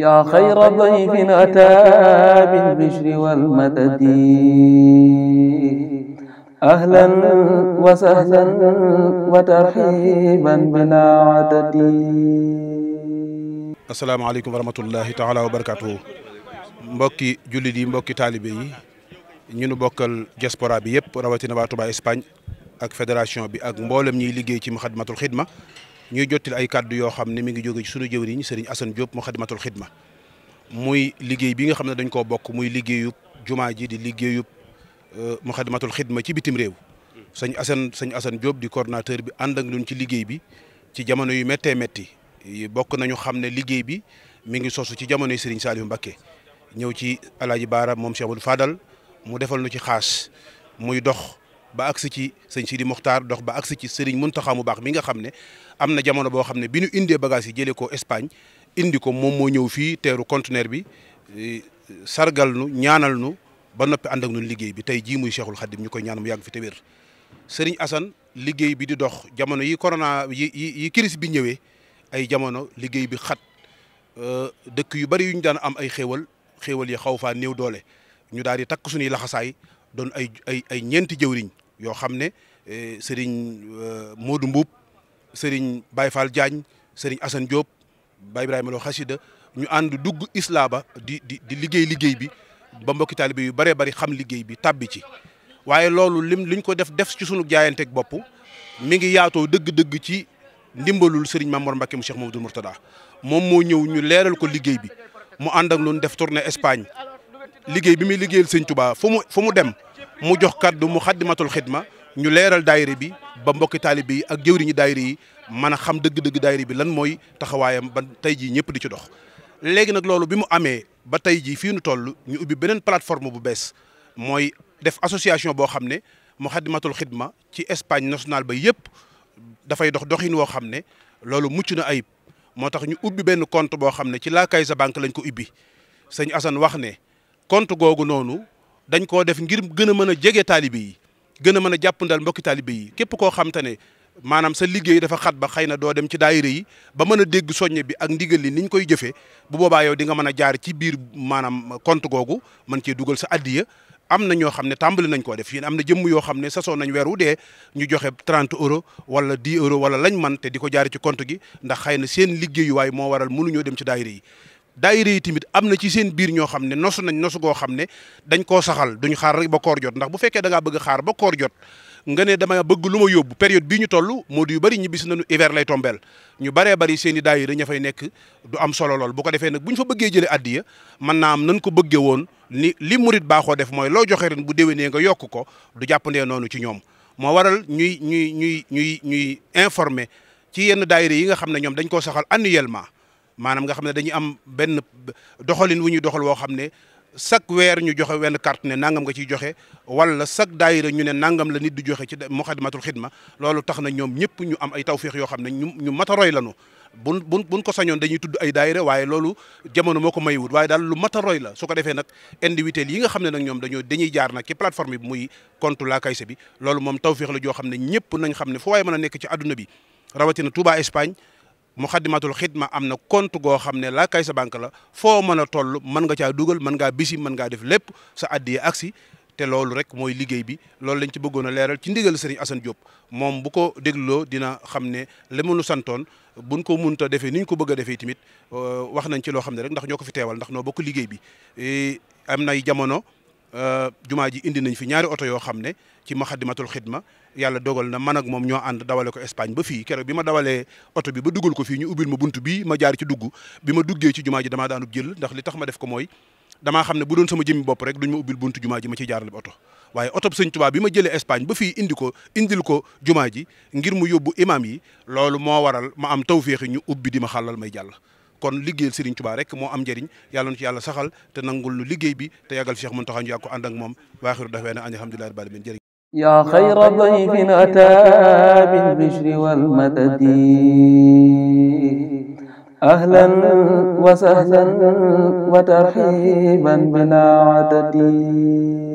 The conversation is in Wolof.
yaa xayra dayfin ataa bil bishri wal wa sahlan wa tarxiiban bilaa adadi. asalaamaaleykum wa rahmatullaahi taalaa wa barakaatuh mbokki jullit yi mbokki taalibe yi ñu nu bokkal diaspora bi yëpp rawatina waa Touba Espagne ak fédération bi ak mboolem ñiy liggéey ci Muxaddamatul Xidma ñuy jottil ay kàddu yoo xam ne mi ngi jóge ci sunu jëwriñ Serigne Assane Diop mu xadimatul xidma muy liggéey bi nga xam ne dañ koo bokk muy liggéeyub jumaa ji di liggéeyub euh, mu xadimatul xidma ci bitim réew sëñ Assane sëñ Assane Diop di bi ànd ak ñun ci liggéey bi ci jamono yu méttee métti bokk nañu xam ne liggéey bi mi ngi sosu ci jamono jamonoy Serigne Saliou Mbacké ñëw ci alaaji Baara moom Cheikh Abdou Fadal mu defal nu ci xaas muy dox ba agsi ci sëñ Sidi Mokhtar dox ba agsi ci Serigne Mountakha mu baax mi nga xam ne am na jamono boo xam ne bi ñu indee bagage yi jële ko Espagne indi ko moom moo ñëw fii teeru conteneur bi e, sargal nu ñaanal nu ba noppi ànd ak ñun liggéey bi tey jii muy Cheikhul Khadim ñu koy ñaan mu yàgg fi te wér Serigne Assane liggéey bi di dox jamono yi korona yi yi crise bi ñëwee ay jamono liggéey bi xat e, dëkk yu bari yu ñu daan am ay xéewal xéewal yi xaw faa néew doole ñu daal di takk suñuy laxasaay doon ay ay ay ñeenti jëwriñ yoo xam ne eh, sëriñ euh, Modou mbub sëriñ bay Fall Diagne sëriñ Assane Diop Baye Ibrahima Lo Xasida ñu ànd dugg isla di di di liggéey liggéey bi ba mbokki taalibe yu bëree bëri xam liggéey bi tàbbi ci waaye loolu lim liñ ko def def ci sunu jaayanteeg bopp mu ngi yaatoo dëgg-dëgg ci ndimbalul sëriñ Mamoor Mbàkke mu Cheikh Mamadou Mourtada moom moo ñëw ñu leeral ko liggéey bi mu ànd ak loon def tournée Espagne liggéey bi muy liggéeyal sëñ Touba fu mu fu mu dem mu jox kàddu mu xaddimatul xidma ñu leeral daayira bi ba mbokki taalibe yi ak jëwriñu daayira yi mën a xam dëgg-dëgg daayira bi lan mooy taxawaayam ba tey jii ñëpp di ci dox. léegi nag loolu bi mu amee ba tey jii fii nu toll ñu ubbi beneen plateforme bu bees mooy def association boo xam ne mu xaddimatul xidma ci Espagne nationale ba yëpp dafay dox doxin woo xam ne loolu mucc na ayib moo tax ñu ubbi benn compte boo xam ne ci La banque lañ ko ubbi sëñ Assane wax ne compte googu noonu. dañ koo def ngir gën a mën a jege taalibe yi gën a mën a jàppandal mbokki taalibe yi képp koo xam te ne maanaam sa liggéey dafa xat ba xëy na doo dem ci daayira yi ba mën a dégg soññe bi ak ndigal li niñ koy jëfee bu boobaa yow di nga mën a jaar ci biir maanaam compte googu mën cee dugal sa addiya am na ñoo xam ne tàmbali nañ koo def yéen am na jëmm yoo xam ne sasoon nañ weer wu dee ñu joxe 30 euros wala 10 euros wala lañ man te di ko jaar ci compte gi ndax xëy na seen liggéeyuwaay moo waral mënuñoo dem ci daayira yi daayira yi tamit am na ci seen biir ñoo xam ne nosu nañ nosu goo xam ne dañ koo saxal duñ xaar rek ba koor jot ndax bu fekkee da bëgg xaar ba koor jot nga ne dama bëgg lu ma yóbbu période bi ñu toll moo di yu bëri ñibbisi nañu hiver lay tombeel ñu bëree bari seeni i daayira ña fay nekk du am solo lool bu ko defee nag bu fa bëggee jëlee addiya man naa am nañ ko bëggee woon ni li murit baaxoo def mooy loo joxee ren bu déwénee nga yokk ko du jàppandee noonu ci ñoom moo waral ñuy ñuy ñuy ñuy ñuy informer ci yenn daayira yi nga xam ne ñoom dañ koo saxal annuellement maanaam nga xam ne dañuy am benn doxalin wu ñuy doxal woo xam ne chaque weer ñu joxe wenn carte ne nangam nga ciy joxe wala chaque daayira ñu ne nangam la nit du joxe ci Moukhaddamatoul Khidma loolu tax na ñoom ñëpp ñu am ay tawféex yoo xam ne ñu ñu mat a roy lañu bun bun buñ ko sañoon dañuy tudd ay daayira waaye loolu jamono moo ko maywut waaye daal lu mata a roy la su ko defee nag individuel yi nga xam ne nag ñoom dañoo dañuy jaar nag ci plateforme bi muy compte La Caixa bi loolu moom tawféex la joo xam ne ñëpp nañ xam ne fu waaye a nekk ci àdduna bi rawatina Touba Espagne mu Muxaddamatul Xidma am na compte goo xam ne sa CaixaBank la foo mën a toll mën nga caa dugal mën ngaa bisi mën ngaa def lépp sa addi agsi te loolu rek mooy liggéey bi loolu lañ ci bëggoon a leeral ci ndigal Serigne Assane Diop moom bu ko dégloo dina xam ne li mu nu santoon buñ ko munta defee ni ñu ko bëgg a defee tamit euh, wax nañ ci loo xam ne rek ndax ñoo ko fi teewal ndax noo bokk liggéey bi e, am nay jamono. Euh, jumaa ji indi nañ fi ñaari oto yoo xam ne ci maxadimatul xidma yàlla dogal na man ak moom ñoo ànd dawale ko Espagne ba fii keroog bi ma dawalee oto bi ba dugal ko fii ñu ubbil ma bunt bii ma jaar ci dugg bi ma duggee ci jumaa ji damaa daanub jël ndax li tax ma def ko mooy damaa xam ne bu doon sama jëmmi bopp rek duñ ma ubbil buntu jumaa ji ma ci jaarale bi oto waaye oto bi sëñ Tuubaa bi ma jëlee Espagne ba fii indi ko indil ko jumaa ji ngir mu yóbbu imam yi loolu moo waral ma am taw tawféexi ñu ubbi di ma xàllal may jàll kon liggéeyal Serigne Touba rek moo am njëriñ yàlla nu ci yàlla saxal te nangul lu liggéey bi te yàggal Cheikh Mountakha ñu yàgg ko ànd ak moom waaxiru dafee ne alhamdulillahi rabbil alamin jërëjëf yaa xayra dayfin ataa bil bishri wal madadi ahlan wa sahlan wa